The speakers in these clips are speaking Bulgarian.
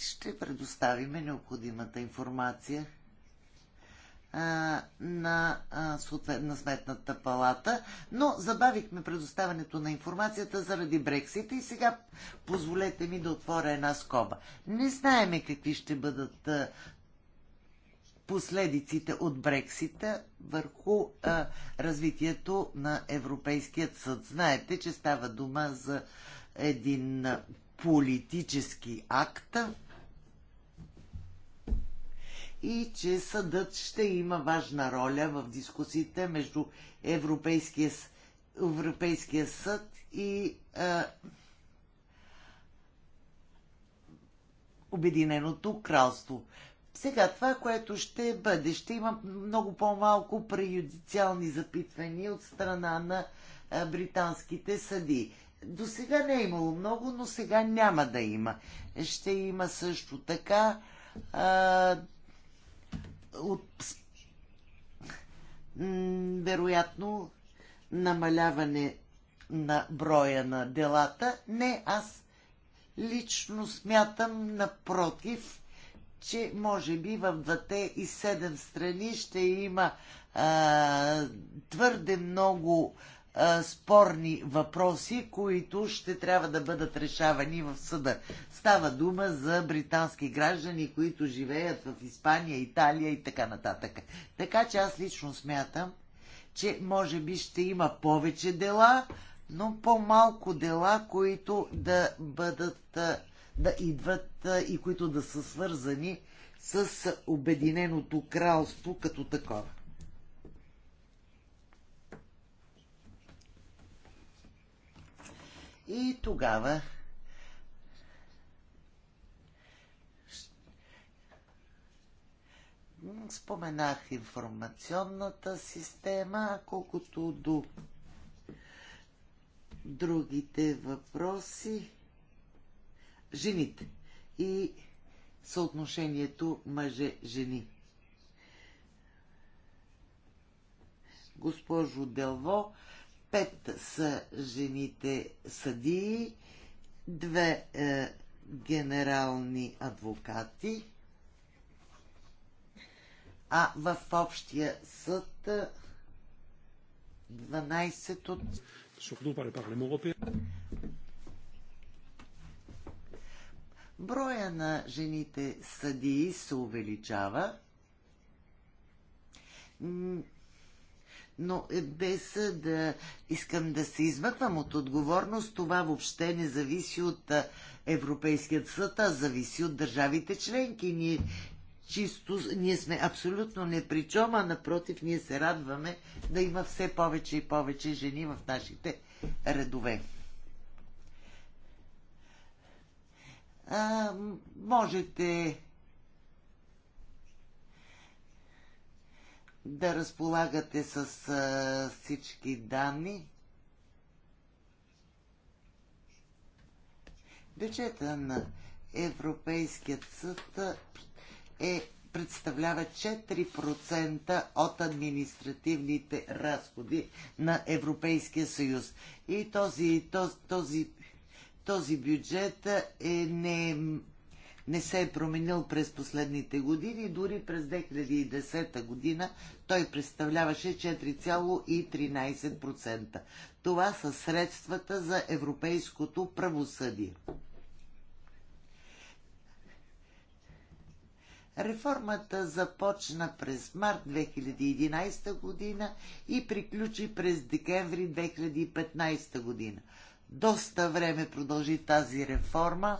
ще предоставиме необходимата информация на, съответна Сметната палата, но забавихме предоставянето на информацията заради Брексита и сега позволете ми да отворя една скоба. Не знаеме какви ще бъдат последиците от Брексита върху развитието на Европейският съд. Знаете, че става дума за един политически акт, и че съдът ще има важна роля в дискусиите между Европейския, Европейския съд и а, е, Обединеното кралство. Сега това, което ще бъде, ще има много по-малко преюдициални запитвания от страна на а, е, британските съди. До сега не е имало много, но сега няма да има. Ще има също така е, от, вероятно намаляване на броя на делата. Не, аз лично смятам напротив, че може би в двете и седем страни ще има а, твърде много спорни въпроси, които ще трябва да бъдат решавани в съда. Става дума за британски граждани, които живеят в Испания, Италия и така нататък. Така че аз лично смятам, че може би ще има повече дела, но по-малко дела, които да бъдат, да идват и които да са свързани с Обединеното кралство като такова. И тогава споменах информационната система, колкото до другите въпроси. Жените и съотношението мъже-жени. Госпожо Делво, Пет са жените съдии, две е, генерални адвокати, а в общия съд 12 е, от... Броя на жените съдии се увеличава но е, без е, да искам да се измъквам от отговорност, това въобще не зависи от е, Европейският съд, а зависи от държавите членки. Ние, чисто, ние сме абсолютно непричома, а напротив, ние се радваме да има все повече и повече жени в нашите редове. А, можете да разполагате с а, всички данни. Бюджета на Европейският съд е, представлява 4% от административните разходи на Европейския съюз. И този, този, този, този бюджет е не не се е променил през последните години. Дори през 2010 година той представляваше 4,13%. Това са средствата за европейското правосъдие. Реформата започна през март 2011 година и приключи през декември 2015 година. Доста време продължи тази реформа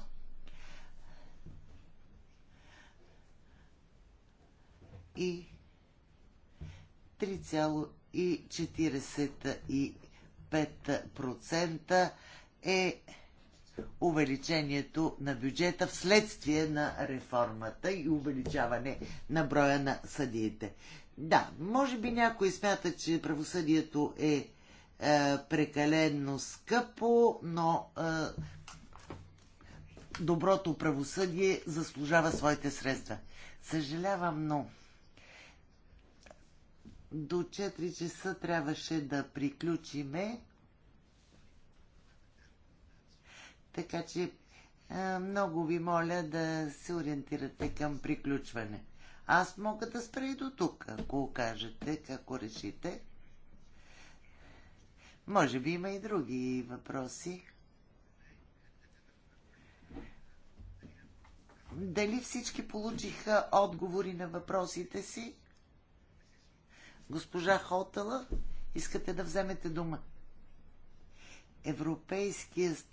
и 3,45% е увеличението на бюджета вследствие на реформата и увеличаване на броя на съдиите. Да, може би някой смята, че правосъдието е, е прекалено скъпо, но е, доброто правосъдие заслужава своите средства. Съжалявам, но до 4 часа трябваше да приключиме. Така че много ви моля да се ориентирате към приключване. Аз мога да спра и до тук, ако кажете, ако решите. Може би има и други въпроси. Дали всички получиха отговори на въпросите си? Госпожа Хотала, искате да вземете дума? Европейският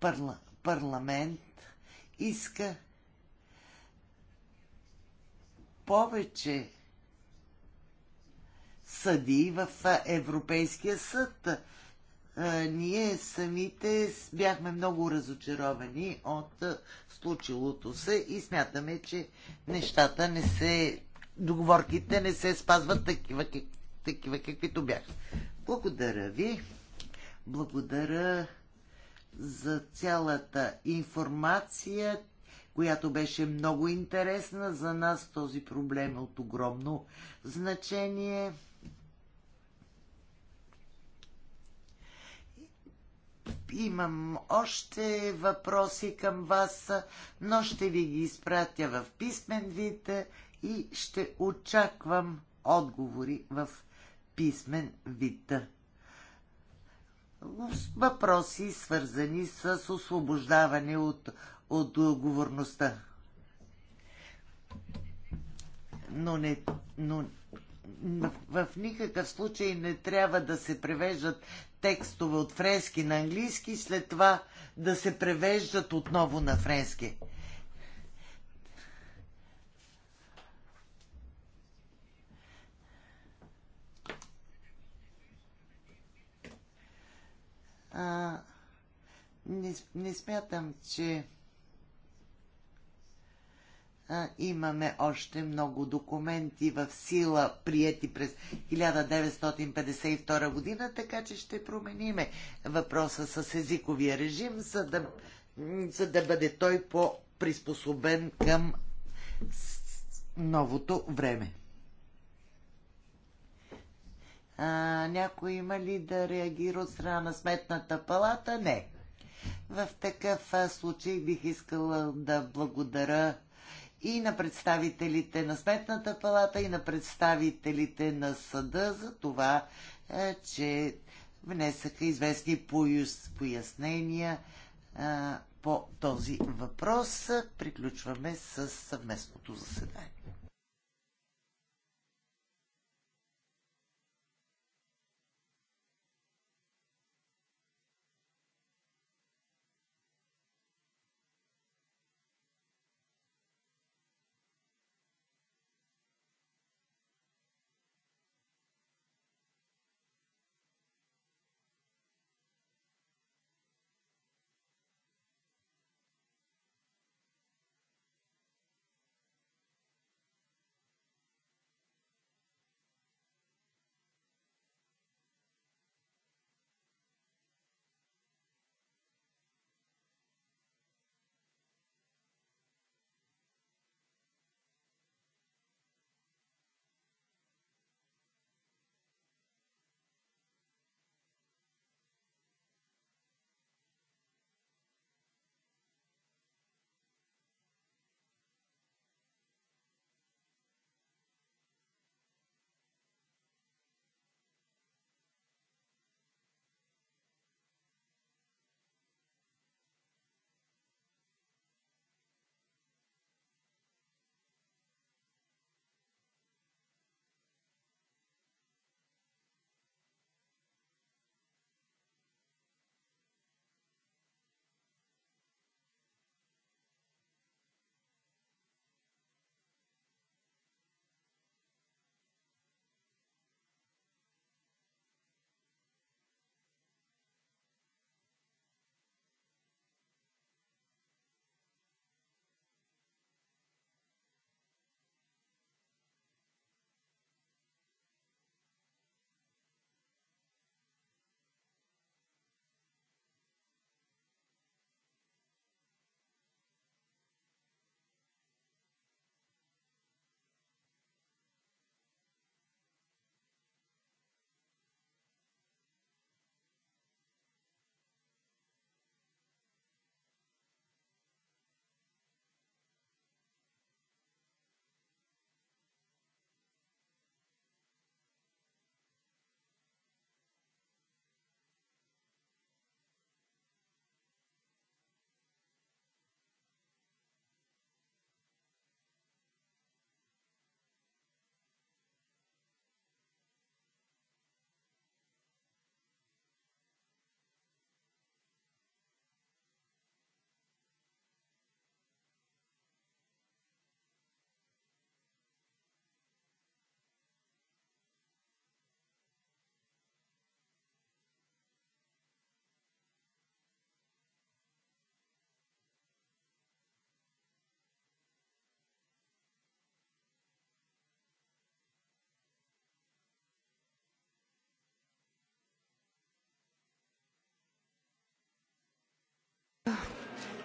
парла, парламент иска повече съди в Европейския съд ние самите бяхме много разочаровани от случилото се и смятаме, че нещата не се, договорките не се спазват такива, такива каквито бяха. Благодаря ви. Благодаря за цялата информация, която беше много интересна. За нас този проблем е от огромно значение. Имам още въпроси към вас, но ще ви ги изпратя в писмен вид и ще очаквам отговори в писмен вид. Въпроси свързани с освобождаване от отговорността. Но не, но в никакъв случай не трябва да се превеждат текстове от френски на английски, след това да се превеждат отново на френски. А, не, не смятам, че имаме още много документи в сила, прияти през 1952 година, така че ще промениме въпроса с езиковия режим, за да, за да бъде той по-приспособен към новото време. А, някой има ли да реагира от страна на сметната палата? Не. В такъв случай бих искала да благодаря и на представителите на Сметната палата, и на представителите на съда за това, е, че внесаха известни пояснения е, по този въпрос. Приключваме с съвместното заседание.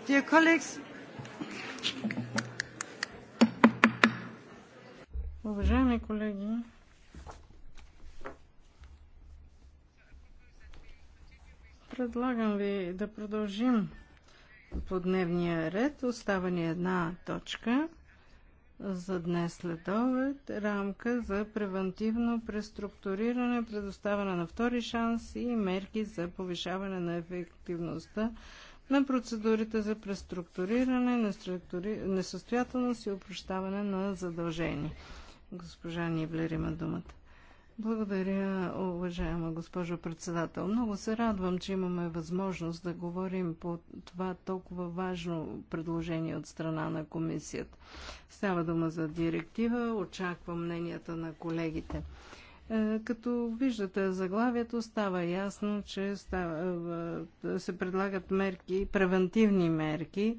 Dear colleagues, Уважаеми колеги, предлагам ви да продължим по дневния ред. Остава ни една точка за днес след обед. Рамка за превентивно преструктуриране, предоставяне на втори шанс и мерки за повишаване на ефективността на процедурите за преструктуриране, несъстоятелност и опрощаване на задължения. Госпожа Ниблер има думата. Благодаря, уважаема госпожо председател. Много се радвам, че имаме възможност да говорим по това толкова важно предложение от страна на комисията. Става дума за директива, очаквам мненията на колегите. Е, като виждате заглавието, става ясно, че става, е, се предлагат мерки, превентивни мерки,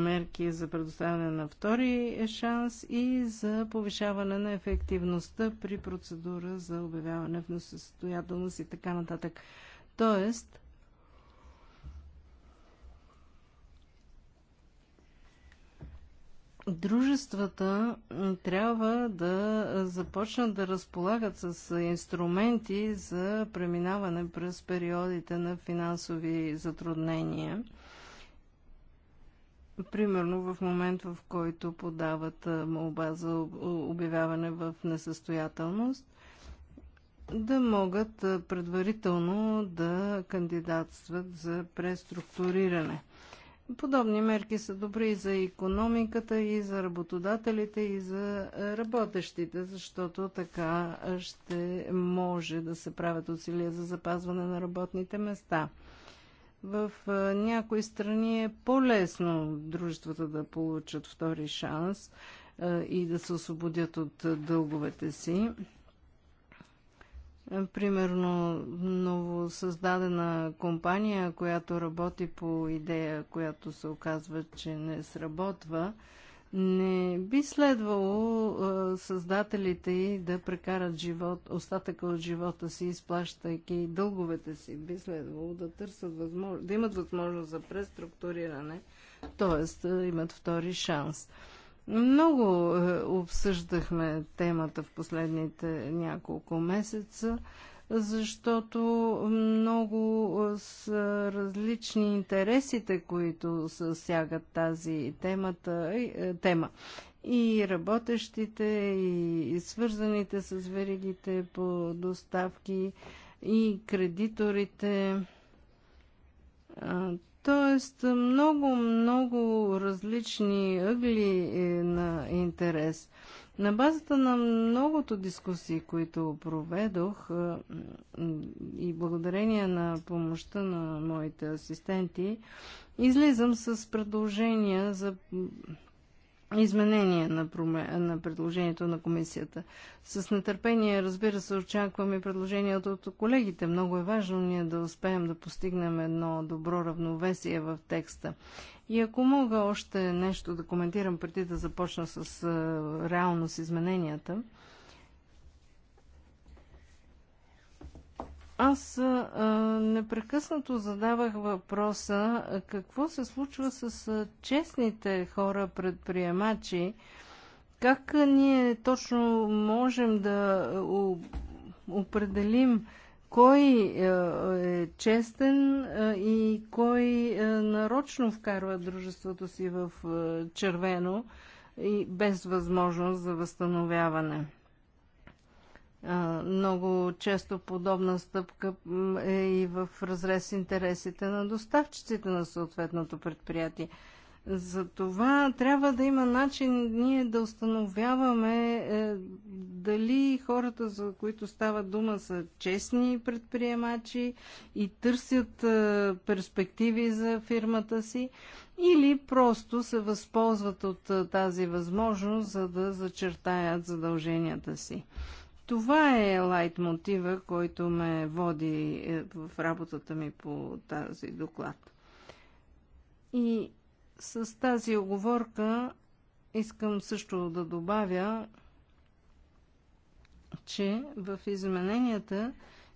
мерки за предоставяне на втори шанс и за повишаване на ефективността при процедура за обявяване в несъстоятелност и така нататък. Тоест, дружествата трябва да започнат да разполагат с инструменти за преминаване през периодите на финансови затруднения. Примерно в момент, в който подават молба за обявяване в несъстоятелност, да могат предварително да кандидатстват за преструктуриране. Подобни мерки са добри и за економиката, и за работодателите, и за е, работещите, защото така е, ще може да се правят усилия за запазване на работните места. В е, някои страни е по-лесно дружествата да получат втори шанс и да се освободят от дълговете си. Примерно новосъздадена компания, която работи по идея, която се оказва, че не сработва, не би следвало създателите й да прекарат живот, остатъка от живота си, изплащайки дълговете си. Би следвало да търсят възможност, да имат възможност за преструктуриране, т.е. имат втори шанс. Много е, обсъждахме темата в последните няколко месеца, защото много е, са различни интересите, които съсягат тази темата, е, тема. И работещите, и свързаните с веригите по доставки, и кредиторите Тоест много, много различни ъгли на интерес. На базата на многото дискусии, които проведох и благодарение на помощта на моите асистенти, излизам с предложения за изменение на, проме... на предложението на комисията. С нетърпение, разбира се, очакваме и предложението от колегите. Много е важно ние да успеем да постигнем едно добро равновесие в текста. И ако мога още нещо да коментирам преди да започна с е, реалност измененията, Аз а, непрекъснато задавах въпроса какво се случва с а, честните хора предприемачи, как а, ние точно можем да о, определим кой а, е честен а, и кой а, нарочно вкарва дружеството си в а, червено и без възможност за възстановяване. Много често подобна стъпка е и в разрез с интересите на доставчиците на съответното предприятие. За това трябва да има начин ние да установяваме е, дали хората, за които става дума, са честни предприемачи и търсят е, перспективи за фирмата си или просто се възползват от е, тази възможност, за да зачертаят задълженията си. Това е лайт мотива, който ме води е, в работата ми по тази доклад. И с тази оговорка искам също да добавя, че в измененията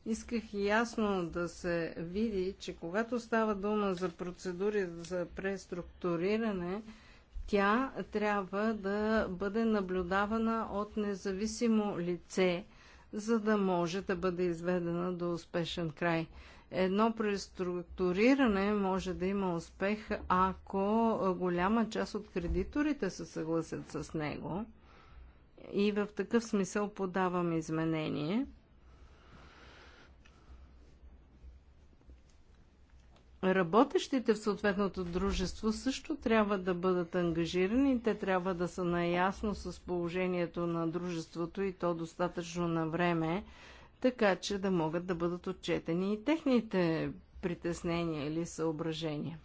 исках ясно да се види, че когато става дума за процедури за преструктуриране, тя трябва да бъде наблюдавана от независимо лице, за да може да бъде изведена до успешен край. Едно преструктуриране може да има успех, ако голяма част от кредиторите се съгласят с него. И в такъв смисъл подавам изменение – работещите в съответното дружество също трябва да бъдат ангажирани. Те трябва да са наясно с положението на дружеството и то достатъчно на време, така че да могат да бъдат отчетени и техните притеснения или съображения.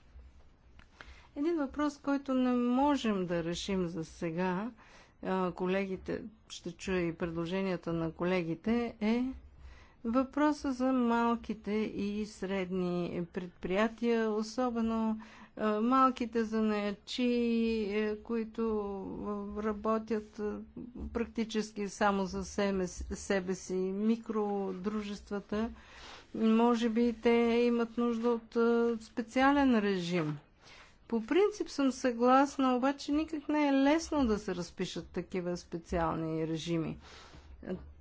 Един въпрос, който не можем да решим за сега, колегите, ще чуя и предложенията на колегите, е Въпроса за малките и средни предприятия, особено малките занаячи, е, които работят практически само за себе си, микродружествата, може би те имат нужда от специален режим. По принцип съм съгласна, обаче никак не е лесно да се разпишат такива специални режими.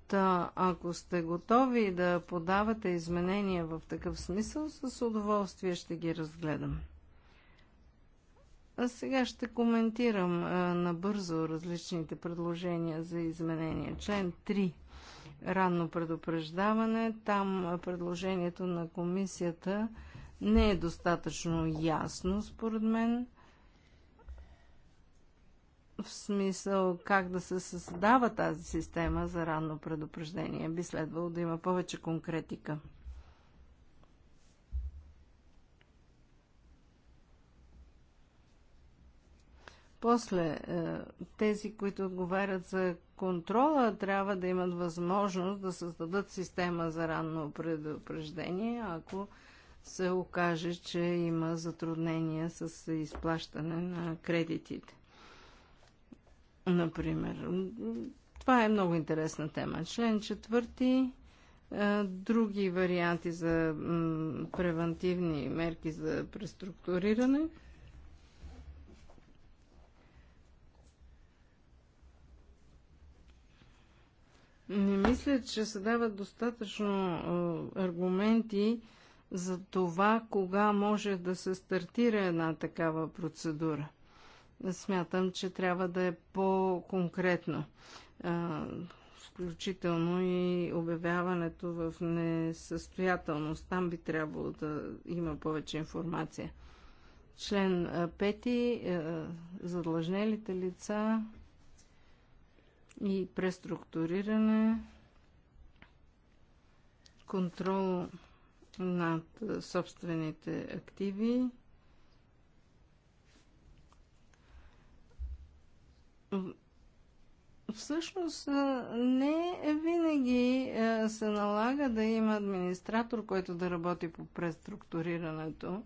Та, ако сте готови да подавате изменения в такъв смисъл, с удоволствие ще ги разгледам. А сега ще коментирам а, набързо различните предложения за изменения. Член 3. Ранно предупреждаване. Там предложението на комисията не е достатъчно ясно, според мен в смисъл как да се създава тази система за ранно предупреждение. Би следвало да има повече конкретика. После е, тези, които отговарят за контрола, трябва да имат възможност да създадат система за ранно предупреждение, ако се окаже, че има затруднения с изплащане на кредитите например. Това е много интересна тема. Член четвърти, други варианти за превентивни мерки за преструктуриране. Не мисля, че се дават достатъчно аргументи за това, кога може да се стартира една такава процедура смятам, че трябва да е по-конкретно. Включително и обявяването в несъстоятелност. Там би трябвало да има повече информация. Член 5. Задлъжнелите лица и преструктуриране, контрол над собствените активи, Всъщност не винаги се налага да има администратор, който да работи по преструктурирането.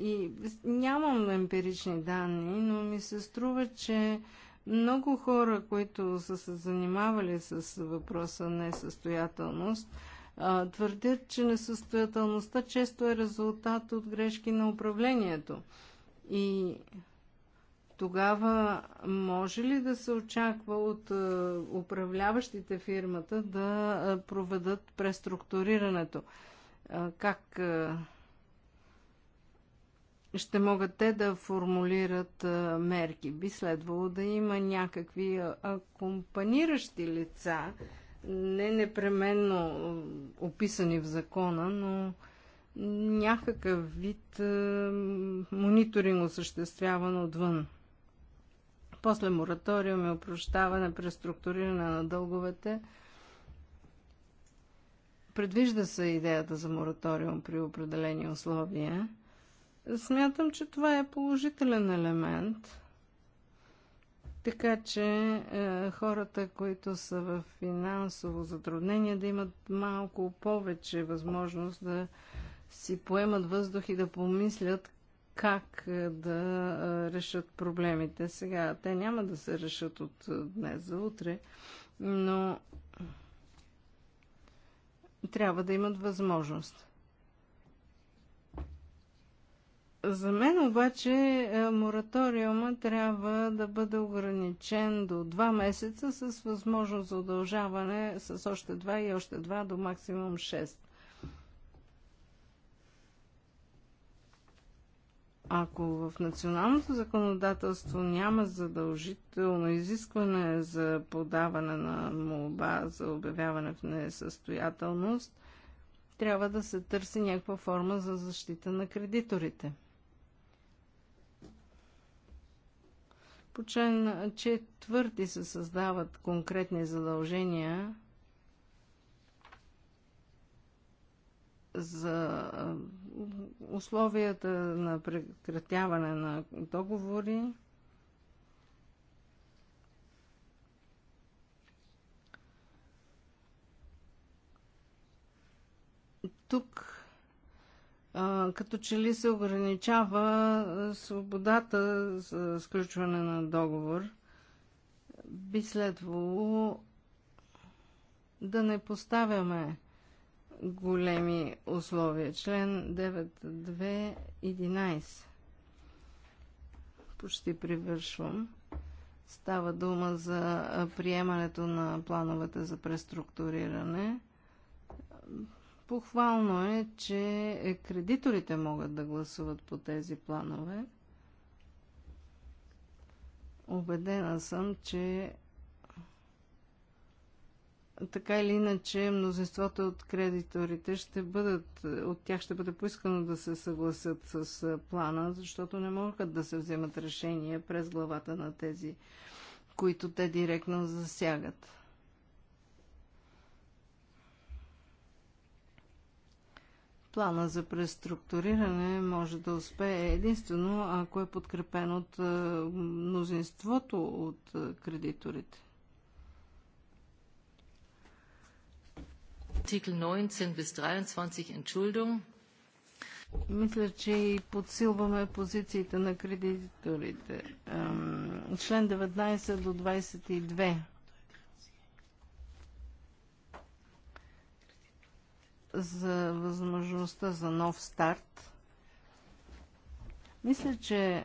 И нямам емпирични данни, но ми се струва, че много хора, които са се занимавали с въпроса несъстоятелност, твърдят, че несъстоятелността често е резултат от грешки на управлението. И тогава може ли да се очаква от е, управляващите фирмата да е, проведат преструктурирането? Е, как ще могат те да формулират мерки? Би следвало да има някакви акомпаниращи лица, не непременно описани в закона, но някакъв вид мониторинг осъществяван отвън. После мораториум и опрощаване, преструктуриране на дълговете. Предвижда се идеята за мораториум при определени условия. Смятам, че това е положителен елемент. Така че е, хората, които са в финансово затруднение, да имат малко повече възможност да си поемат въздух и да помислят как е, да е, решат проблемите сега. Те няма да се решат от е, днес за утре, но трябва да имат възможност. За мен обаче мораториума трябва да бъде ограничен до 2 месеца с възможност за удължаване с още 2 и още 2 до максимум 6. Ако в националното законодателство няма задължително изискване за подаване на молба за обявяване в несъстоятелност, трябва да се търси някаква форма за защита на кредиторите. По член четвърти се създават конкретни задължения за условията на прекратяване на договори. Тук като че ли се ограничава свободата за сключване на договор, би следвало да не поставяме големи условия. Член 9.2.11. Почти привършвам. Става дума за приемането на плановете за преструктуриране. Похвално е, че кредиторите могат да гласуват по тези планове. Обедена съм, че така или иначе мнозинството от кредиторите ще бъдат, от тях ще бъде поискано да се съгласят с плана, защото не могат да се вземат решения през главата на тези, които те директно засягат. Плана за преструктуриране може да успее единствено, ако е подкрепен от мнозинството от кредиторите. Artikel 19 bis 23 Entschuldung. Мисля, че и подсилваме позициите на кредиторите. Член 19 до 22. За възможността за нов старт. Мисля, че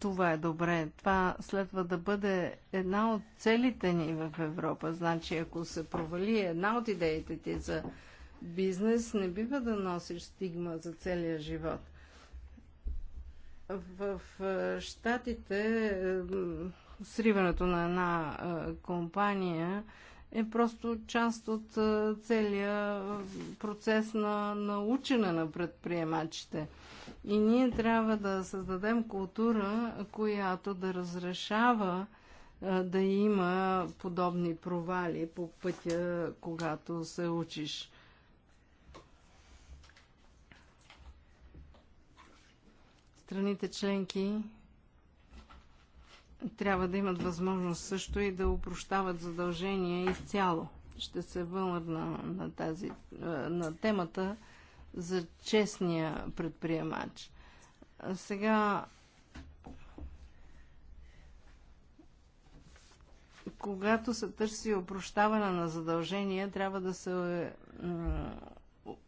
това е добре. Това следва да бъде една от целите ни в Европа. Значи, ако се провали една от идеите ти за бизнес, не бива да носиш стигма за целия живот. В Штатите сриването на една компания е просто част от е, целия е, процес на, на учене на предприемачите. И ние трябва да създадем култура, която да разрешава е, да има подобни провали по пътя, когато се учиш. Страните членки трябва да имат възможност също и да упрощават задължения изцяло. Ще се вълна на, тази, е, на темата за честния предприемач. Сега, когато се търси опрощаване на задължения, трябва да се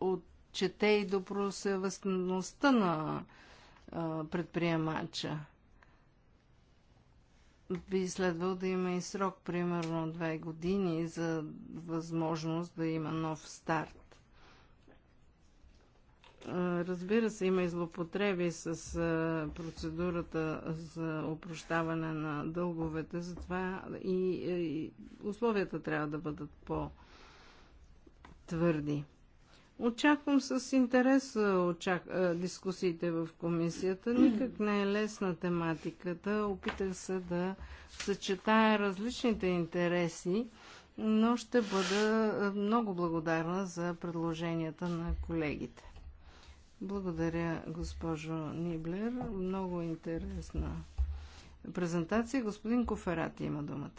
отчете и добросъвестността на предприемача би следвал да има и срок, примерно две години, за възможност да има нов старт. Разбира се, има и злопотреби с процедурата за опрощаване на дълговете, затова и условията трябва да бъдат по-твърди. Очаквам с интерес очак... дискусиите в комисията. Никак не е лесна тематиката. Опитах се да съчетая различните интереси, но ще бъда много благодарна за предложенията на колегите. Благодаря, госпожо Ниблер. Много интересна презентация. Господин Коферати има думата.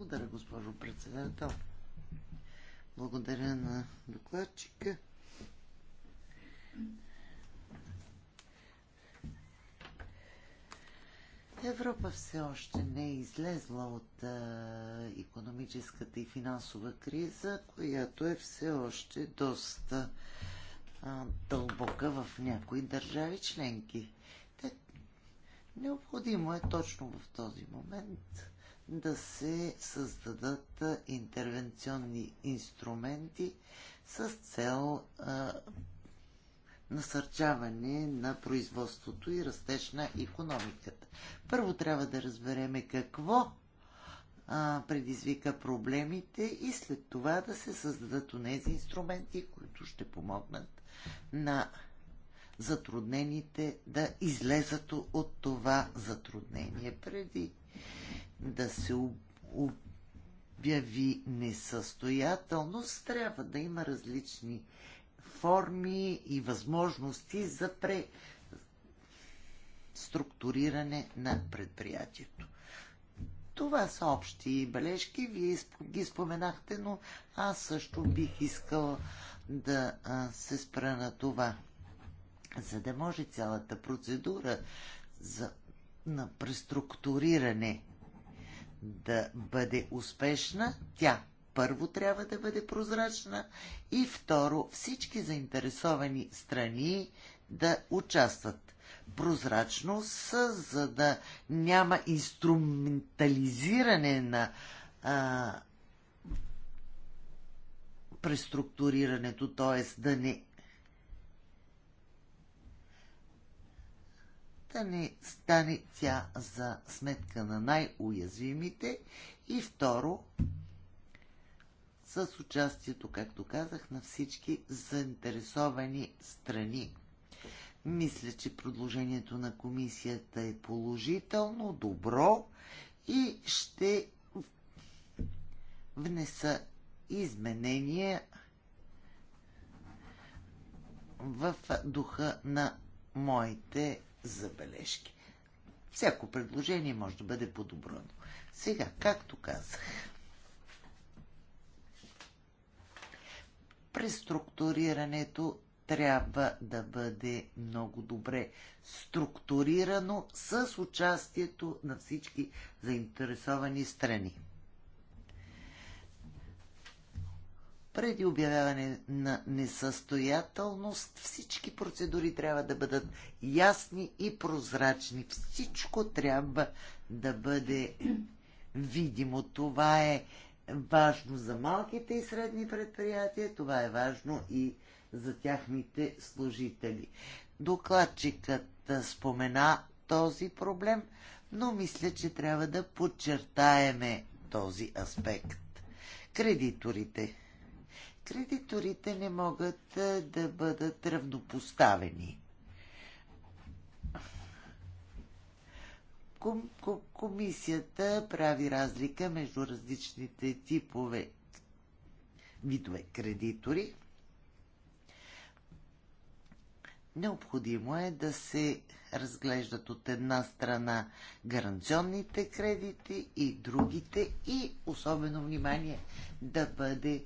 Благодаря, госпожо председател. Благодаря на докладчика. Европа все още не е излезла от а, економическата и финансова криза, която е все още доста а, дълбока в някои държави членки. Те, необходимо е точно в този момент да се създадат интервенционни инструменти с цел а, насърчаване на производството и растеж на економиката. Първо трябва да разбереме какво а, предизвика проблемите и след това да се създадат онези инструменти, които ще помогнат на затруднените да излезат от това затруднение. Преди да се обяви несъстоятелност, трябва да има различни форми и възможности за преструктуриране структуриране на предприятието. Това са общи бележки, вие ги споменахте, но аз също бих искала да се спра на това, за да може цялата процедура за, на преструктуриране да бъде успешна, тя първо трябва да бъде прозрачна и второ всички заинтересовани страни да участват. Прозрачност, за да няма инструментализиране на а, преструктурирането, т.е. да не да не стане тя за сметка на най-уязвимите и второ, с участието, както казах, на всички заинтересовани страни. Мисля, че предложението на комисията е положително, добро и ще внеса изменения в духа на моите забележки. Всяко предложение може да бъде подобрено. Сега, както казах, преструктурирането трябва да бъде много добре структурирано с участието на всички заинтересовани страни. преди обявяване на несъстоятелност всички процедури трябва да бъдат ясни и прозрачни. Всичко трябва да бъде видимо. Това е важно за малките и средни предприятия, това е важно и за тяхните служители. Докладчикът спомена този проблем, но мисля, че трябва да подчертаеме този аспект. Кредиторите кредиторите не могат да бъдат равнопоставени. Ком, ком, комисията прави разлика между различните типове видове кредитори. Необходимо е да се разглеждат от една страна гаранционните кредити и другите и особено внимание да бъде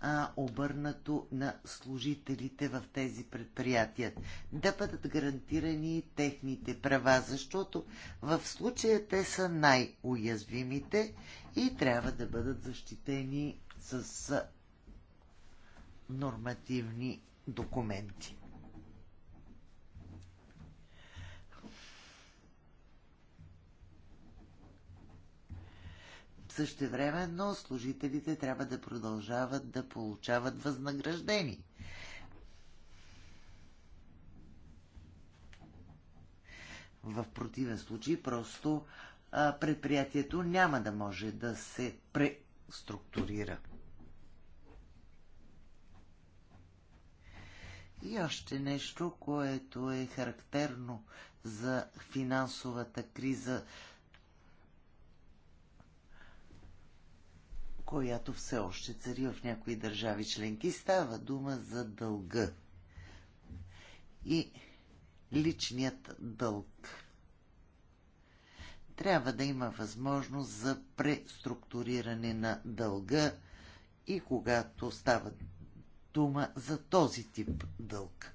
а, обърнато на служителите в тези предприятия. Да бъдат гарантирани техните права, защото в случая те са най-уязвимите и трябва да бъдат защитени с нормативни документи. Същевременно служителите трябва да продължават да получават възнаграждени. В противен случай просто а, предприятието няма да може да се преструктурира. И още нещо, което е характерно за финансовата криза която все още цари в някои държави членки. Става дума за дълга и личният дълг. Трябва да има възможност за преструктуриране на дълга и когато става дума за този тип дълг.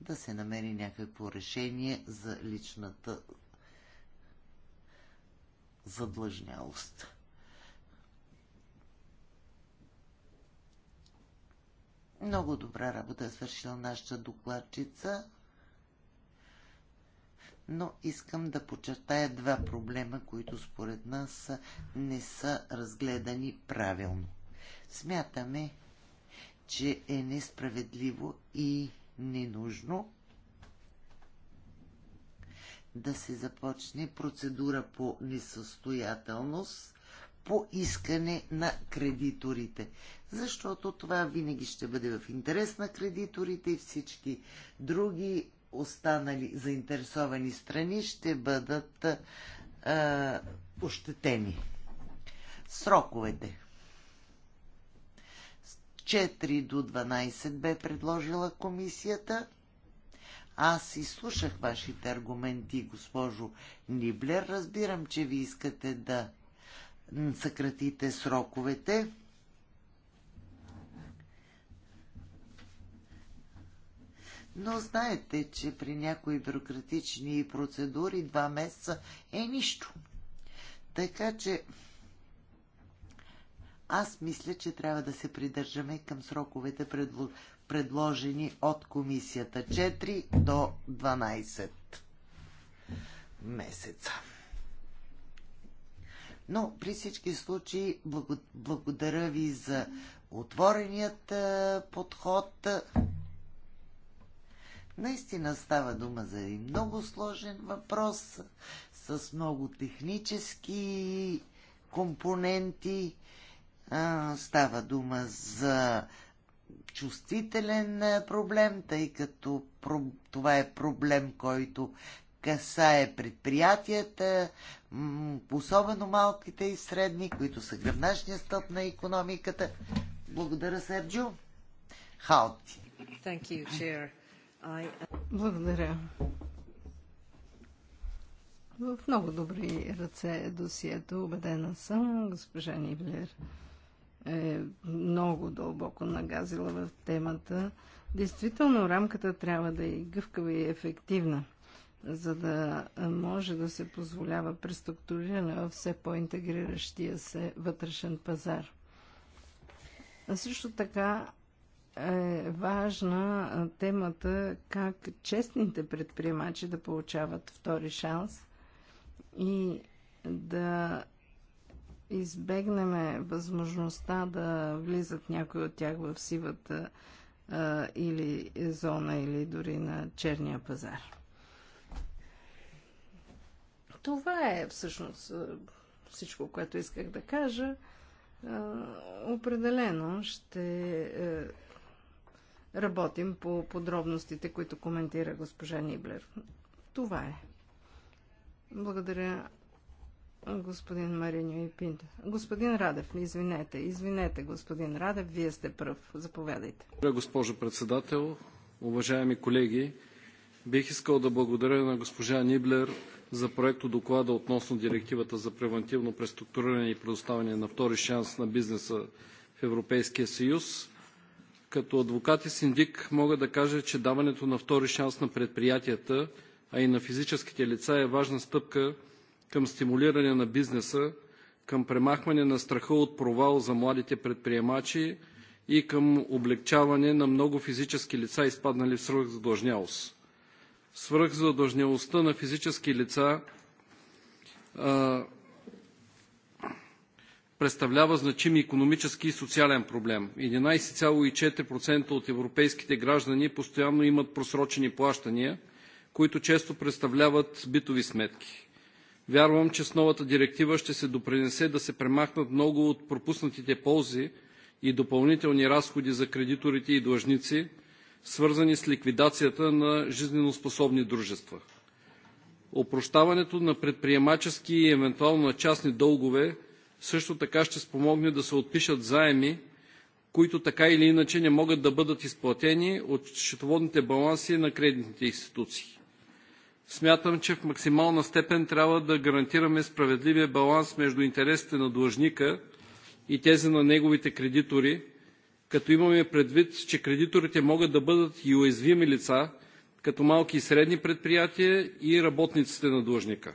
да се намери някакво решение за личната задлъжнялост. Много добра работа е свършила нашата докладчица, но искам да подчертая два проблема, които според нас не са разгледани правилно. Смятаме, че е несправедливо и ненужно да се започне процедура по несъстоятелност по искане на кредиторите. Защото това винаги ще бъде в интерес на кредиторите и всички други останали заинтересовани страни ще бъдат а, ощетени. Сроковете. 4 до 12 бе предложила комисията. Аз изслушах вашите аргументи, госпожо Ниблер. Разбирам, че ви искате да съкратите сроковете. Но знаете, че при някои бюрократични процедури два месеца е нищо. Така че аз мисля, че трябва да се придържаме към сроковете, предложени от комисията 4 до 12 месеца. Но при всички случаи благодаря ви за отвореният подход. Наистина става дума за един много сложен въпрос с много технически компоненти. Става дума за чувствителен проблем, тъй като това е проблем, който касае предприятията, особено малките и средни, които са гръбначния стълб на економиката. Благодаря, Серджо. Халти. Uh, Благодаря. В много добри ръце е досието, убедена съм, госпожа Нивлер е много дълбоко нагазила в темата. Действително рамката трябва да е гъвкава и ефективна, за да може да се позволява преструктуриране в все по-интегриращия се вътрешен пазар. А също така е важна темата как честните предприемачи да получават втори шанс и да избегнем възможността да влизат някои от тях в сивата а, или зона, или дори на черния пазар. Това е всъщност всичко, което исках да кажа. А, определено ще работим по подробностите, които коментира госпожа Ниблер. Това е. Благодаря господин Мариньо и Пинто. Господин Радев, извинете, извинете, господин Радев, вие сте пръв. Заповядайте. Благодаря, госпожо председател, уважаеми колеги. Бих искал да благодаря на госпожа Ниблер за проекто доклада относно директивата за превентивно преструктуриране и предоставяне на втори шанс на бизнеса в Европейския съюз. Като адвокат и синдик мога да кажа, че даването на втори шанс на предприятията, а и на физическите лица е важна стъпка – към стимулиране на бизнеса, към премахване на страха от провал за младите предприемачи и към облегчаване на много физически лица, изпаднали в свръхзадлъжнялост. Свръхзадлъжнялостта на физически лица а, представлява значим економически и социален проблем. 11,4% от европейските граждани постоянно имат просрочени плащания, които често представляват битови сметки. Вярвам, че с новата директива ще се допринесе да се премахнат много от пропуснатите ползи и допълнителни разходи за кредиторите и длъжници, свързани с ликвидацията на жизненоспособни дружества. Опрощаването на предприемачески и евентуално на частни дългове също така ще спомогне да се отпишат заеми, които така или иначе не могат да бъдат изплатени от счетоводните баланси на кредитните институции. Смятам, че в максимална степен трябва да гарантираме справедливия баланс между интересите на длъжника и тези на неговите кредитори, като имаме предвид, че кредиторите могат да бъдат и уязвими лица, като малки и средни предприятия и работниците на длъжника.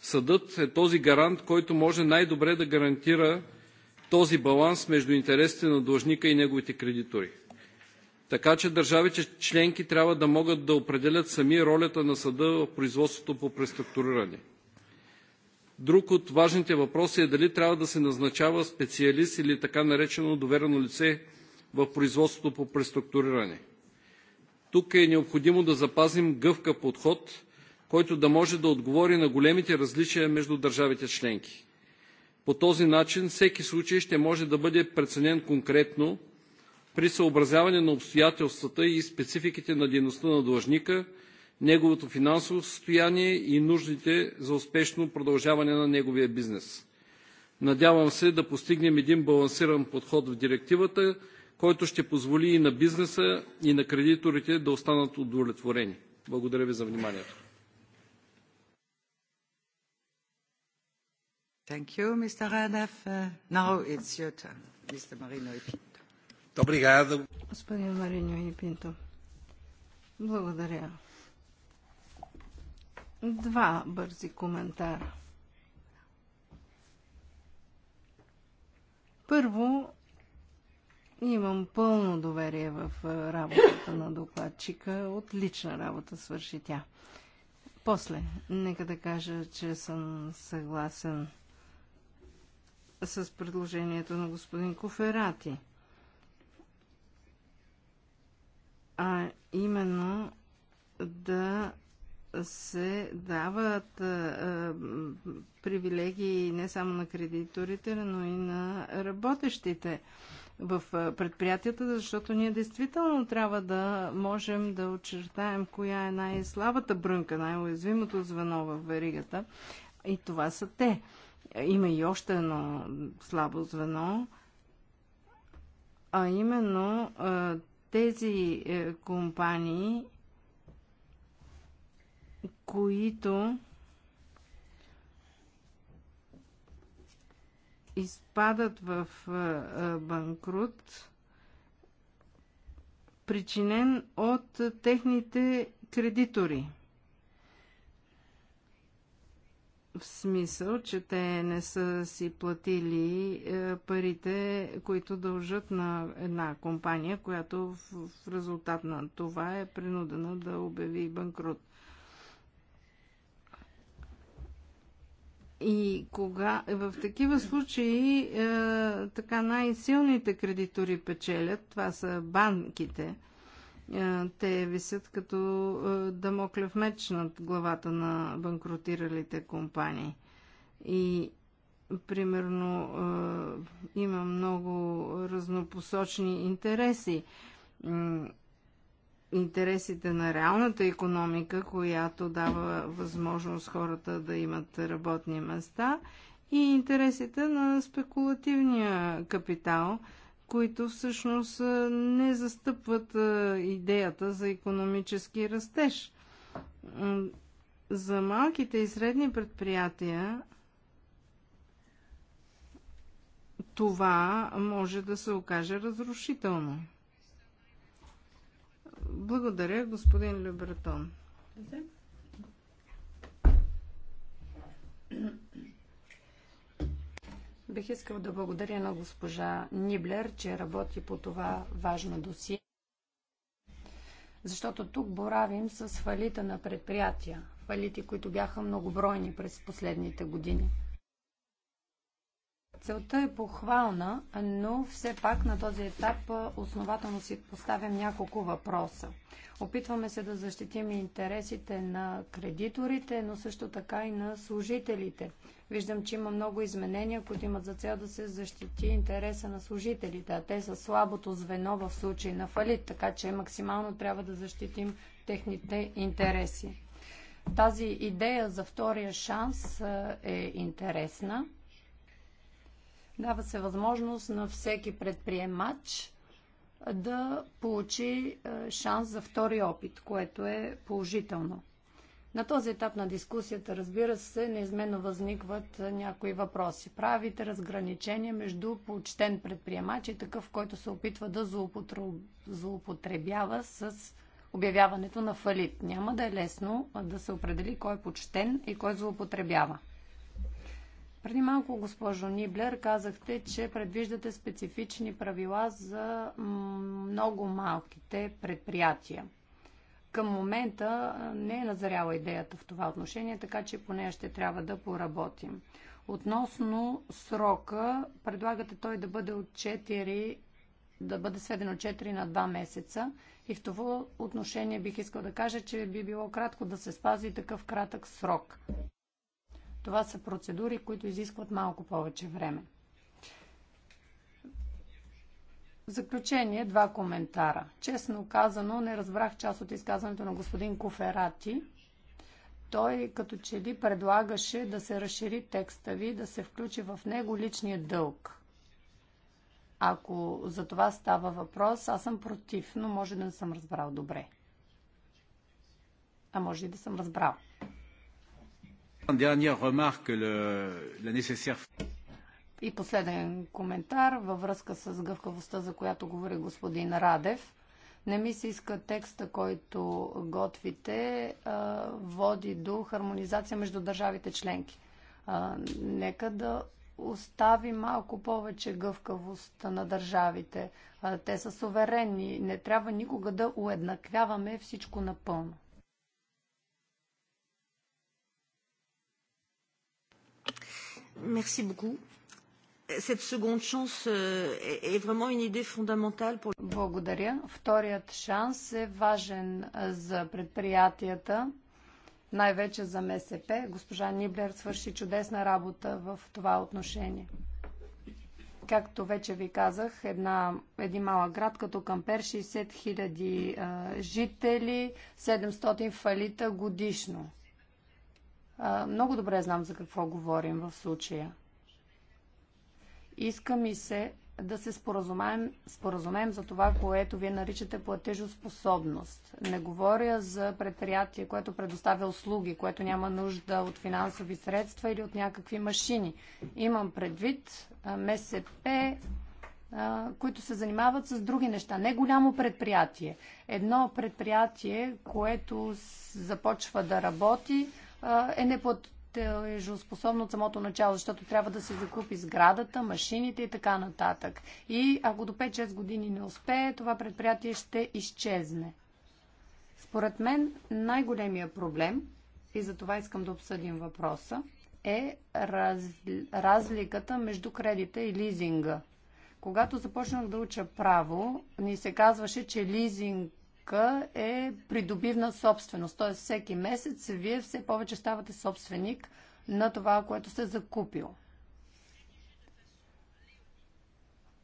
Съдът е този гарант, който може най-добре да гарантира този баланс между интересите на длъжника и неговите кредитори така че държавите членки трябва да могат да определят сами ролята на съда в производството по преструктуриране. Друг от важните въпроси е дали трябва да се назначава специалист или така наречено доверено лице в производството по преструктуриране. Тук е необходимо да запазим гъвка подход, който да може да отговори на големите различия между държавите членки. По този начин всеки случай ще може да бъде преценен конкретно при съобразяване на обстоятелствата и спецификите на дейността на длъжника, неговото финансово състояние и нуждите за успешно продължаване на неговия бизнес. Надявам се да постигнем един балансиран подход в директивата, който ще позволи и на бизнеса, и на кредиторите да останат удовлетворени. Благодаря ви за вниманието. Thank you, Mr. Radev. Uh, now it's your turn, Mr. Marino. Obrigado. Господин Мариньо и Пинто. Благодаря. Два бързи коментара. Първо, имам пълно доверие в работата на докладчика. Отлична работа свърши тя. После, нека да кажа, че съм съгласен с предложението на господин Коферати – а именно да се дават а, привилегии не само на кредиторите, но и на работещите в предприятията, защото ние действително трябва да можем да очертаем коя е най-слабата брънка, най-уязвимото звено в веригата. И това са те. Има и още едно слабо звено, а именно тези е, компании, които изпадат в е, е, банкрут, причинен от техните кредитори. в смисъл, че те не са си платили е, парите, които дължат на една компания, която в резултат на това е принудена да обяви банкрут. И кога в такива случаи е, така най-силните кредитори печелят, това са банките – е, те висят като е, дамоклев меч над главата на банкротиралите компании. И примерно е, има много разнопосочни интереси. Интересите на реалната економика, която дава възможност хората да имат работни места, и интересите на спекулативния капитал – които всъщност не застъпват идеята за економически растеж. За малките и средни предприятия това може да се окаже разрушително. Благодаря, господин Любертон. Бих искал да благодаря на госпожа Ниблер, че работи по това важно досие. Защото тук боравим с фалита на предприятия. Фалити, които бяха многобройни през последните години. Целта е похвална, но все пак на този етап основателно си поставям няколко въпроса. Опитваме се да защитим интересите на кредиторите, но също така и на служителите. Виждам, че има много изменения, които имат за цел да се защити интереса на служителите, а те са слабото звено в случай на фалит, така че максимално трябва да защитим техните интереси. Тази идея за втория шанс е интересна. Дава се възможност на всеки предприемач да получи е, шанс за втори опит, което е положително. На този етап на дискусията, разбира се, неизменно възникват е, някои въпроси. Правите разграничение между почтен предприемач и такъв, който се опитва да злоупотребява с обявяването на фалит. Няма да е лесно да се определи кой е почтен и кой злоупотребява. Преди малко, госпожо Ниблер, казахте, че предвиждате специфични правила за много малките предприятия. Към момента не е назаряла идеята в това отношение, така че по нея ще трябва да поработим. Относно срока, предлагате той да бъде от 4 да бъде сведен от 4 на 2 месеца. И в това отношение бих искал да кажа, че би било кратко да се спази такъв кратък срок. Това са процедури, които изискват малко повече време. В заключение два коментара. Честно казано, не разбрах част от изказването на господин Коферати. Той като че ли предлагаше да се разшири текста ви, да се включи в него личния дълг. Ако за това става въпрос, аз съм против, но може да не съм разбрал добре. А може и да съм разбрал. И последен коментар във връзка с гъвкавостта, за която говори господин Радев. Не ми се иска текста, който готвите, води до хармонизация между държавите членки. Нека да остави малко повече гъвкавост на държавите. Те са суверенни. Не трябва никога да уеднаквяваме всичко напълно. Merci beaucoup. Cette seconde chance euh, est vraiment une idée fondamentale pour... Благодаря. Вторият шанс е важен за предприятията, най-вече за МСП. Госпожа Ниблер свърши чудесна работа в това отношение както вече ви казах, една, един малък град като Кампер, 60 000 а, жители, 700 фалита годишно. Много добре знам за какво говорим в случая. Иска ми се да се споразумеем, споразумеем за това, което вие наричате платежоспособност. Не говоря за предприятие, което предоставя услуги, което няма нужда от финансови средства или от някакви машини. Имам предвид МСП, които се занимават с други неща. Не голямо предприятие. Едно предприятие, което започва да работи, е неплатежоспособно от самото начало, защото трябва да се закупи сградата, машините и така нататък. И ако до 5-6 години не успее, това предприятие ще изчезне. Според мен най-големия проблем, и за това искам да обсъдим въпроса, е раз, разликата между кредита и лизинга. Когато започнах да уча право, ни се казваше, че лизинг стъпка е придобивна собственост. Т.е. всеки месец вие все повече ставате собственик на това, което сте закупил.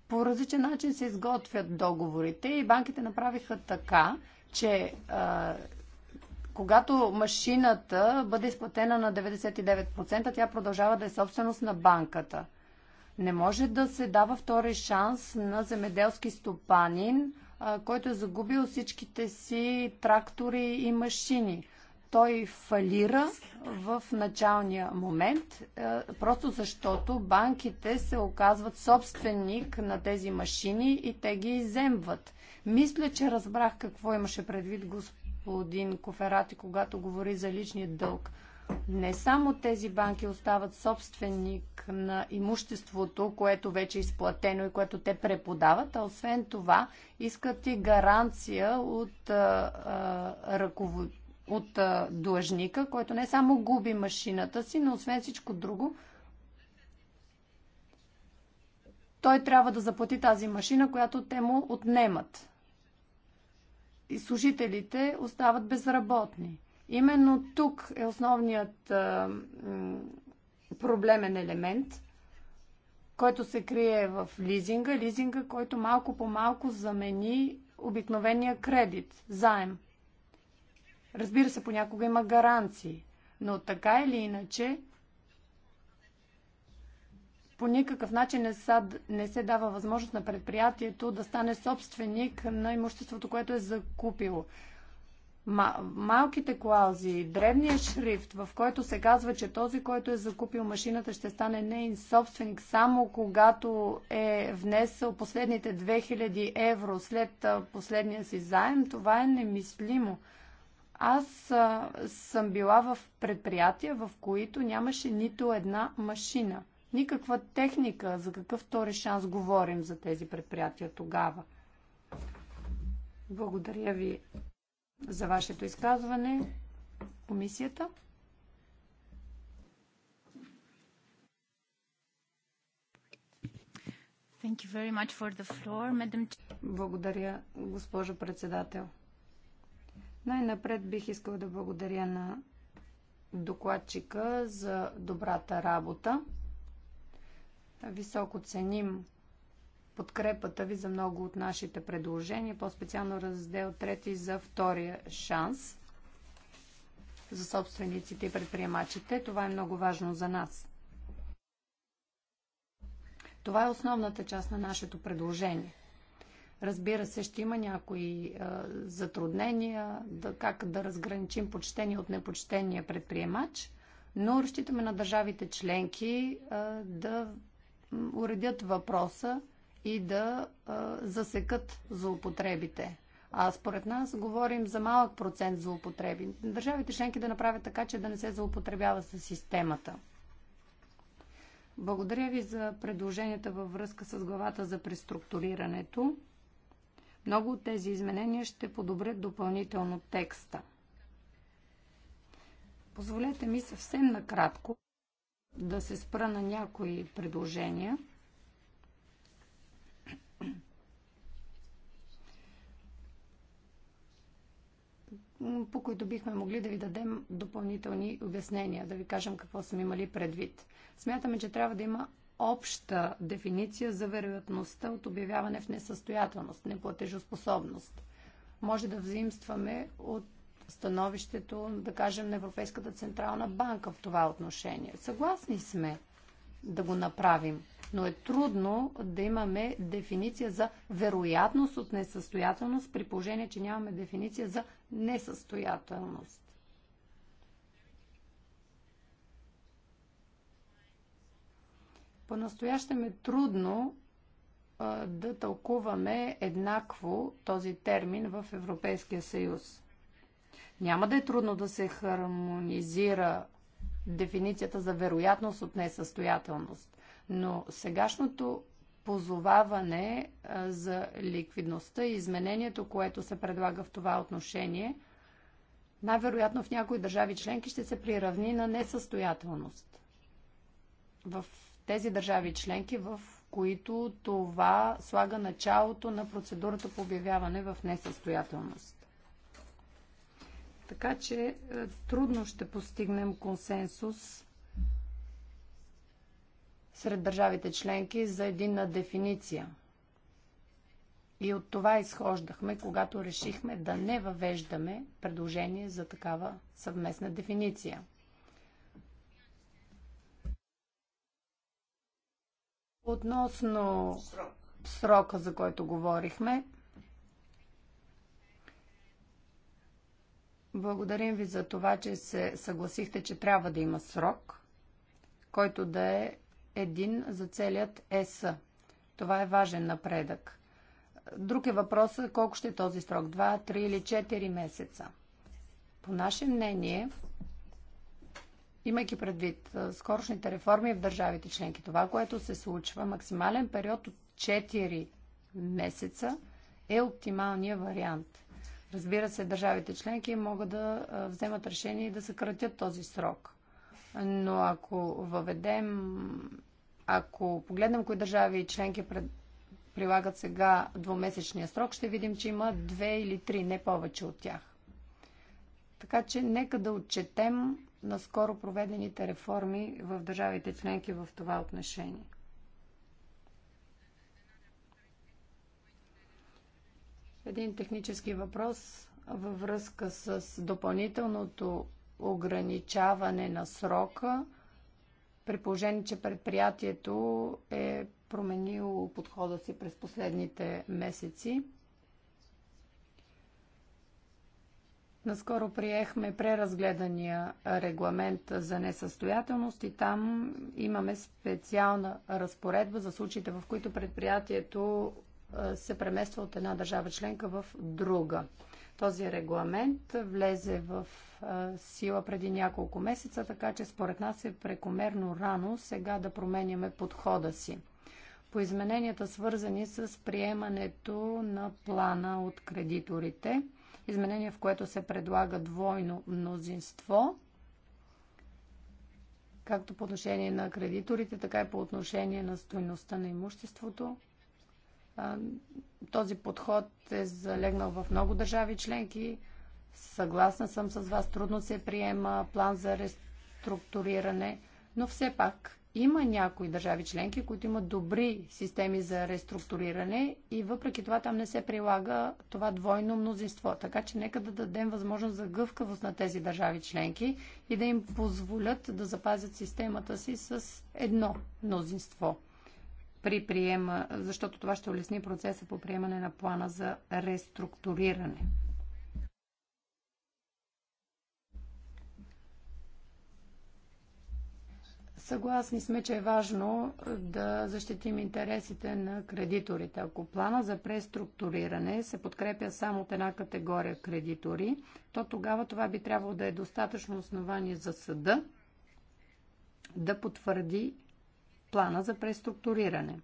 По различен начин се изготвят договорите и банките направиха така, че а, когато машината бъде изплатена на 99%, тя продължава да е собственост на банката. Не може да се дава втори шанс на земеделски стопанин, който е загубил всичките си трактори и машини. Той фалира в началния момент, просто защото банките се оказват собственик на тези машини и те ги иземват. Мисля, че разбрах какво имаше предвид господин Коферати, когато говори за личния дълг. Не само тези банки остават собственик на имуществото, което вече е изплатено и което те преподават, а освен това искат и гаранция от, а, а, ръковод... от а, длъжника, който не само губи машината си, но освен всичко друго, той трябва да заплати тази машина, която те му отнемат. И служителите остават безработни. Именно тук е основният проблемен елемент, който се крие в лизинга, лизинга, който малко по малко замени обикновения кредит, заем. Разбира се, понякога има гаранции, но така или иначе, по никакъв начин не, са, не се дава възможност на предприятието да стане собственик на имуществото, което е закупило малките клаузи, древния шрифт, в който се казва, че този, който е закупил машината, ще стане нейн собственик само когато е внесъл последните 2000 евро след последния си заем, това е немислимо. Аз а, съм била в предприятия, в които нямаше нито една машина. Никаква техника. За какъв втори шанс говорим за тези предприятия тогава? Благодаря ви за вашето изказване. Комисията. Thank you very much for the floor, madam. Благодаря, госпожо председател. Най-напред бих искал да благодаря на докладчика за добрата работа. Високо ценим подкрепата ви за много от нашите предложения, по-специално раздел 3 за втория шанс за собствениците и предприемачите. Това е много важно за нас. Това е основната част на нашето предложение. Разбира се, ще има някои е, затруднения, да, как да разграничим почтение от непочтения предприемач, но разчитаме на държавите членки е, да уредят въпроса и да засекат злоупотребите. А според нас говорим за малък процент злоупотреби. Държавите членки да направят така, че да не се злоупотребява с системата. Благодаря ви за предложенията във връзка с главата за преструктурирането. Много от тези изменения ще подобрят допълнително текста. Позволете ми съвсем накратко да се спра на някои предложения – по които бихме могли да ви дадем допълнителни обяснения, да ви кажем какво сме имали предвид. Смятаме, че трябва да има обща дефиниция за вероятността от обявяване в несъстоятелност, неплатежоспособност. Може да взаимстваме от становището, да кажем, на Европейската централна банка в това отношение. Съгласни сме да го направим но е трудно да имаме дефиниция за вероятност от несъстоятелност, при положение, че нямаме дефиниция за несъстоятелност. По-настоящем е трудно а, да тълкуваме еднакво този термин в Европейския съюз. Няма да е трудно да се хармонизира дефиницията за вероятност от несъстоятелност. Но сегашното позоваване за ликвидността и изменението, което се предлага в това отношение, най-вероятно в някои държави членки ще се приравни на несъстоятелност. В тези държави членки, в които това слага началото на процедурата по обявяване в несъстоятелност. Така че е, трудно ще постигнем консенсус сред държавите членки за единна дефиниция. И от това изхождахме, когато решихме да не въвеждаме предложение за такава съвместна дефиниция. Относно срока, за който говорихме, благодарим ви за това, че се съгласихте, че трябва да има срок, който да е един за целият ЕС. Това е важен напредък. Друг е въпросът колко ще е този срок 2, 3 или 4 месеца. По наше мнение, имайки предвид скорошните реформи в държавите членки, това, което се случва, максимален период от 4 месеца е оптималният вариант. Разбира се, държавите членки могат да вземат решение и да съкратят този срок. Но ако въведем ако погледнем кои държави и членки пред, прилагат сега двумесечния срок, ще видим, че има две или три, не повече от тях. Така че нека да отчетем наскоро проведените реформи в държавите членки в това отношение. Един технически въпрос във връзка с допълнителното ограничаване на срока – при положение, че предприятието е променило подхода си през последните месеци. Наскоро приехме преразгледания регламент за несъстоятелност и там имаме специална разпоредба за случаите, в които предприятието се премества от една държава членка в друга. Този регламент влезе в сила преди няколко месеца, така че според нас е прекомерно рано сега да променяме подхода си. По измененията свързани с приемането на плана от кредиторите, изменение в което се предлага двойно мнозинство, както по отношение на кредиторите, така и по отношение на стойността на имуществото. Този подход е залегнал в много държави членки. Съгласна съм с вас, трудно се приема план за реструктуриране, но все пак има някои държави членки, които имат добри системи за реструктуриране и въпреки това там не се прилага това двойно мнозинство. Така че нека да дадем възможност за гъвкавост на тези държави членки и да им позволят да запазят системата си с едно мнозинство. При приема, защото това ще улесни процеса по приемане на плана за реструктуриране. Съгласни сме, че е важно е, да защитим интересите на кредиторите. Ако плана за преструктуриране се подкрепя само от една категория кредитори, то тогава това би трябвало да е достатъчно основание за съда да потвърди плана за преструктуриране.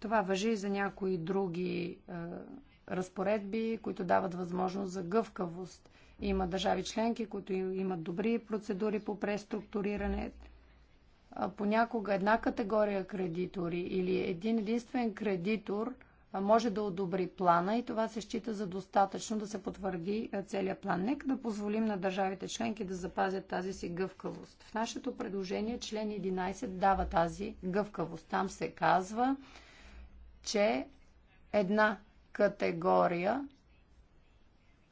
Това въжи и за някои други е, разпоредби, които дават възможност за гъвкавост – има държави членки, които имат добри процедури по преструктуриране. Понякога една категория кредитори или един единствен кредитор може да одобри плана и това се счита за достатъчно да се потвърди целият план. Нека да позволим на държавите членки да запазят тази си гъвкавост. В нашето предложение член 11 дава тази гъвкавост. Там се казва, че една категория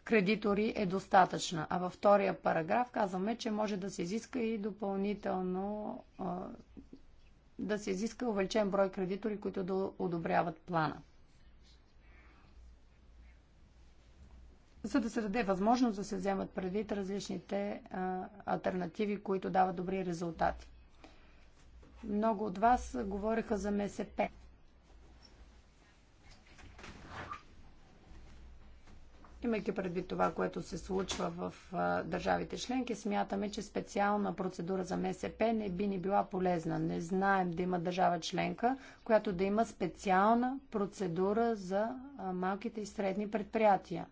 кредитори е достатъчна. А във втория параграф казваме, че може да се изиска и допълнително да се изиска увеличен брой кредитори, които да одобряват плана. За да се даде възможност да се вземат предвид различните а, альтернативи, които дават добри резултати. Много от вас говориха за МСП. Имайки предвид това, което се случва в държавите членки, смятаме, че специална процедура за МСП не би ни била полезна. Не знаем да има държава членка, която да има специална процедура за малките и средни предприятия.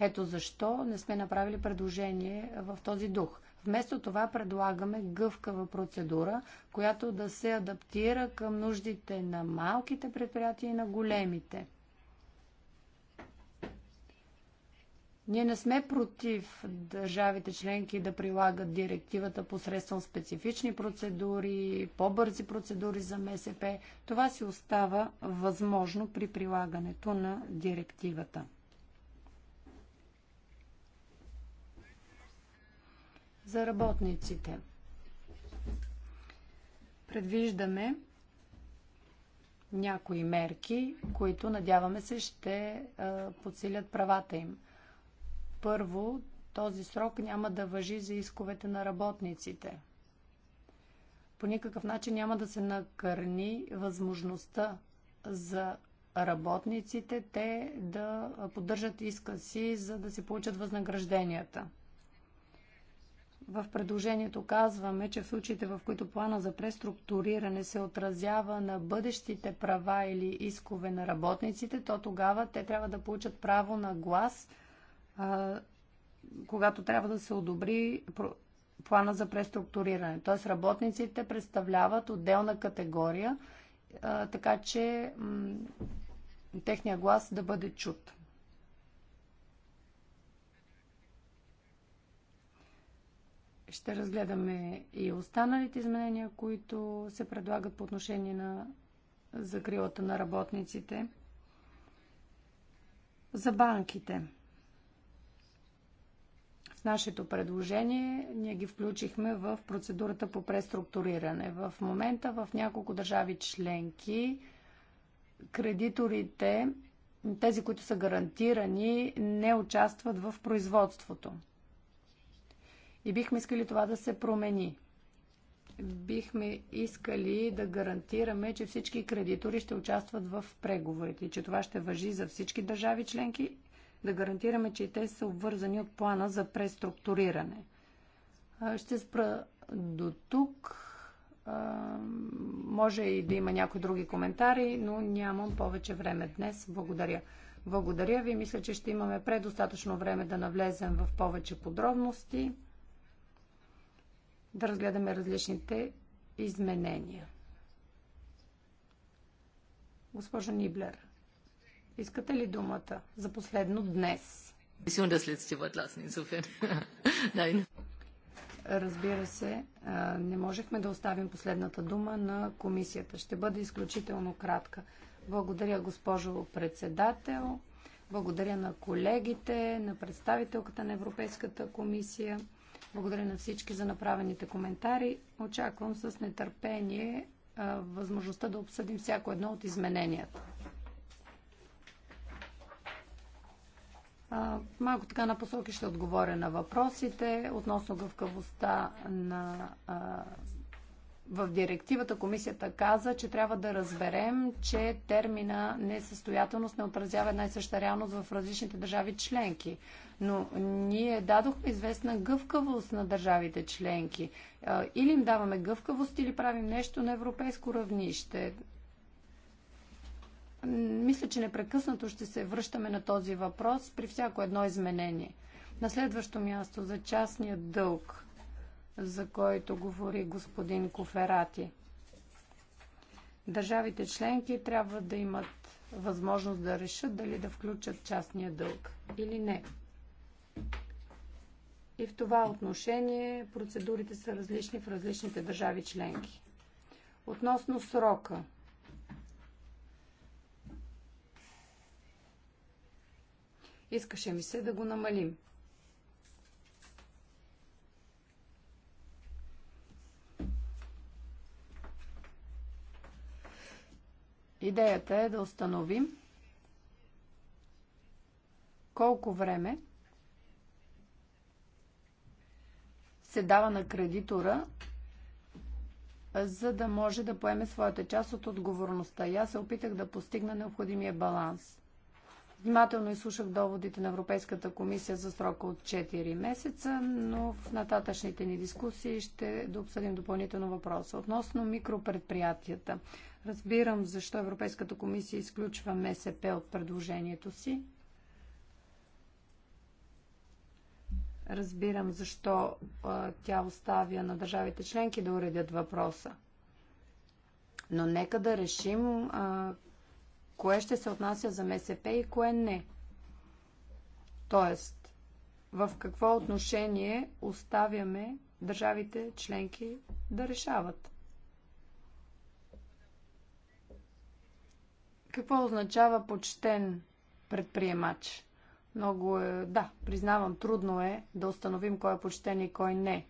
Ето защо не сме направили предложение в този дух. Вместо това предлагаме гъвкава процедура, която да се адаптира към нуждите на малките предприятия и на големите – Ние не сме против държавите членки да прилагат директивата посредством специфични процедури, по-бързи процедури за МСП. Това си остава възможно при прилагането на директивата. За работниците. Предвиждаме някои мерки, които надяваме се ще подсилят правата им. Първо, този срок няма да въжи за исковете на работниците. По никакъв начин няма да се накърни възможността за работниците те да поддържат иска си, за да си получат възнагражденията. В предложението казваме, че в случаите, в които плана за преструктуриране се отразява на бъдещите права или искове на работниците, то тогава те трябва да получат право на глас – когато трябва да се одобри плана за преструктуриране. Тоест работниците представляват отделна категория, така че техния глас да бъде чут. Ще разгледаме и останалите изменения, които се предлагат по отношение на закрилата на работниците. За банките – Нашето предложение ние ги включихме в процедурата по преструктуриране. В момента в няколко държави членки кредиторите, тези, които са гарантирани, не участват в производството. И бихме искали това да се промени бихме искали да гарантираме, че всички кредитори ще участват в преговорите и че това ще въжи за всички държави членки да гарантираме, че и те са обвързани от плана за преструктуриране. Ще спра до тук. Може и да има някои други коментари, но нямам повече време днес. Благодаря. Благодаря ви. Мисля, че ще имаме предостатъчно време да навлезем в повече подробности, да разгледаме различните изменения. Госпожо Ниблер. Искате ли думата за последно днес? Разбира се, не можехме да оставим последната дума на комисията. Ще бъде изключително кратка. Благодаря, госпожо председател. Благодаря на колегите, на представителката на Европейската комисия. Благодаря на всички за направените коментари. Очаквам с нетърпение възможността да обсъдим всяко едно от измененията. Малко така на посоки ще отговоря на въпросите относно гъвкавостта на в директивата комисията каза, че трябва да разберем, че термина несъстоятелност не отразява една и съща реалност в различните държави членки. Но ние дадохме известна гъвкавост на държавите членки. Или им даваме гъвкавост, или правим нещо на европейско равнище. Мисля, че непрекъснато ще се връщаме на този въпрос при всяко едно изменение. На следващо място за частния дълг, за който говори господин Коферати. Държавите членки трябва да имат възможност да решат дали да включат частния дълг или не. И в това отношение процедурите са различни в различните държави членки. Относно срока, Искаше ми се да го намалим. Идеята е да установим колко време се дава на кредитора, за да може да поеме своята част от отговорността. И аз се опитах да постигна необходимия баланс. Внимателно изслушах доводите на Европейската комисия за срока от 4 месеца, но в нататъчните ни дискусии ще да обсъдим допълнително въпроса. Относно микропредприятията, разбирам защо Европейската комисия изключва МСП от предложението си. Разбирам защо а, тя оставя на държавите членки да уредят въпроса. Но нека да решим а, кое ще се отнася за МСП и кое не. Тоест, в какво отношение оставяме държавите членки да решават. Какво означава почтен предприемач? Много е, да, признавам, трудно е да установим кой е почтен и кой не.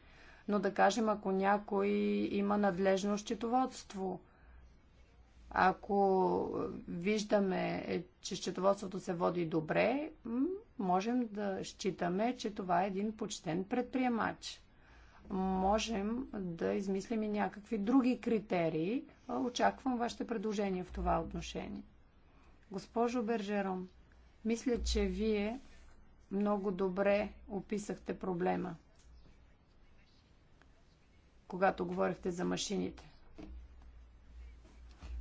Но да кажем, ако някой има надлежно счетоводство – ако виждаме, че счетоводството се води добре, можем да считаме, че това е един почтен предприемач. Можем да измислим и някакви други критерии. Очаквам вашите предложения в това отношение. Госпожо Бержером, мисля, че вие много добре описахте проблема, когато говорихте за машините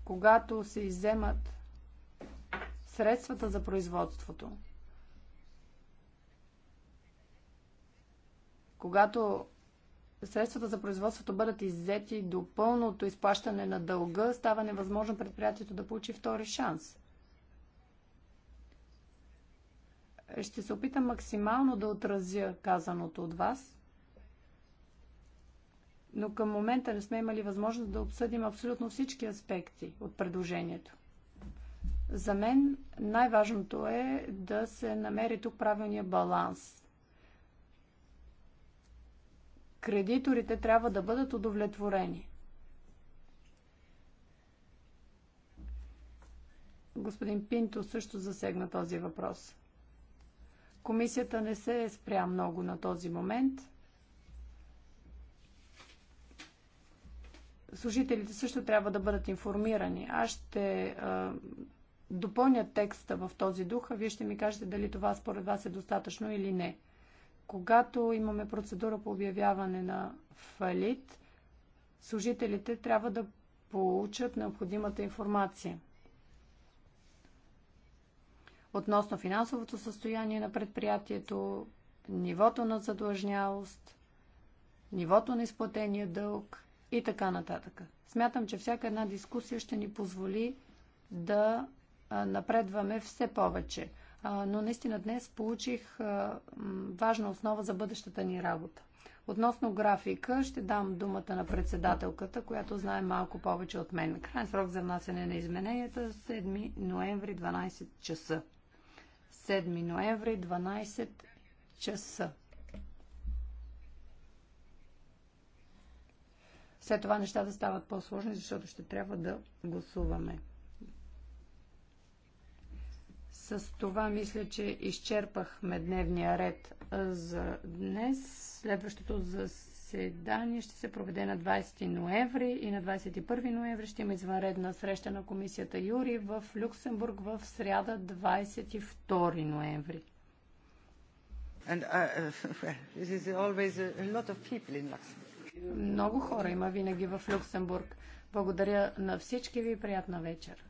когато се иземат средствата за производството, когато средствата за производството бъдат иззети до пълното изплащане на дълга, става невъзможно предприятието да получи втори шанс. Ще се опитам максимално да отразя казаното от вас но към момента не сме имали възможност да обсъдим абсолютно всички аспекти от предложението. За мен най-важното е да се намери тук правилния баланс. Кредиторите трябва да бъдат удовлетворени. Господин Пинто също засегна този въпрос. Комисията не се е спря много на този момент – служителите също трябва да бъдат информирани. Аз ще а, допълня текста в този дух, а вие ще ми кажете дали това според вас е достатъчно или не. Когато имаме процедура по обявяване на фалит, служителите трябва да получат необходимата информация относно финансовото състояние на предприятието, нивото на задлъжнялост, нивото на изплатения дълг – и така нататък. Смятам, че всяка една дискусия ще ни позволи да напредваме все повече. Но наистина днес получих важна основа за бъдещата ни работа. Относно графика, ще дам думата на председателката, която знае малко повече от мен. Крайен срок за внасяне на измененията 7 е ноември 12 часа. 7 ноември 12 часа. След това нещата стават по-сложни, защото ще трябва да гласуваме. С това мисля, че изчерпахме дневния ред за днес. Следващото заседание ще се проведе на 20 ноември и на 21 ноември ще има извънредна среща на комисията Юри в Люксембург в сряда 22 ноември. And uh, well, this is always a lot of people in Luxembourg. Много хора има винаги в Люксембург. Благодаря на всички ви и приятна вечер.